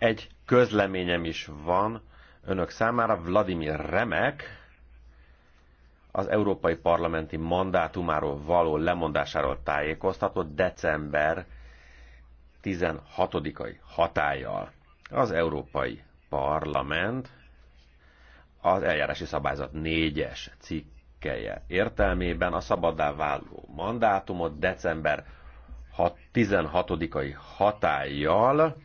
Egy közleményem is van önök számára. Vladimir Remek az Európai Parlamenti mandátumáról való lemondásáról tájékoztatott december 16-ai hatállyal. Az Európai Parlament az eljárási szabályzat 4-es cikkeje értelmében a szabaddá váló mandátumot december 16-ai hatállyal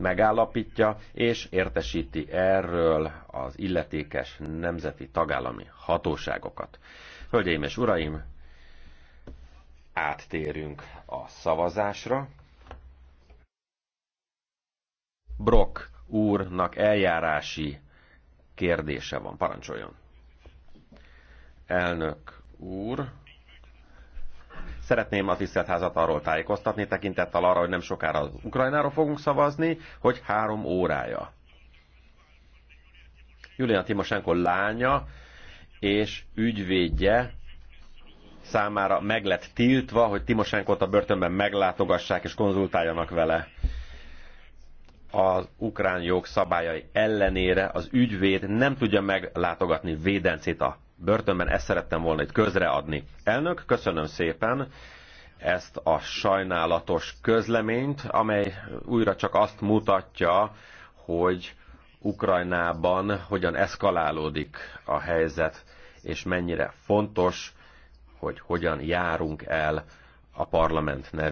megállapítja és értesíti erről az illetékes nemzeti tagállami hatóságokat. Hölgyeim és uraim, áttérünk a szavazásra. Brock úrnak eljárási kérdése van. Parancsoljon. Elnök úr, Szeretném a tisztelt arról tájékoztatni, tekintettel arra, hogy nem sokára az Ukrajnáról fogunk szavazni, hogy három órája. Julian Timosenko lánya és ügyvédje számára meg lett tiltva, hogy Timosenkot a börtönben meglátogassák és konzultáljanak vele. Az ukrán jog szabályai ellenére az ügyvéd nem tudja meglátogatni védencét a börtönben, ezt szerettem volna itt közreadni. Elnök, köszönöm szépen ezt a sajnálatos közleményt, amely újra csak azt mutatja, hogy Ukrajnában hogyan eszkalálódik a helyzet, és mennyire fontos, hogy hogyan járunk el a parlament nevében.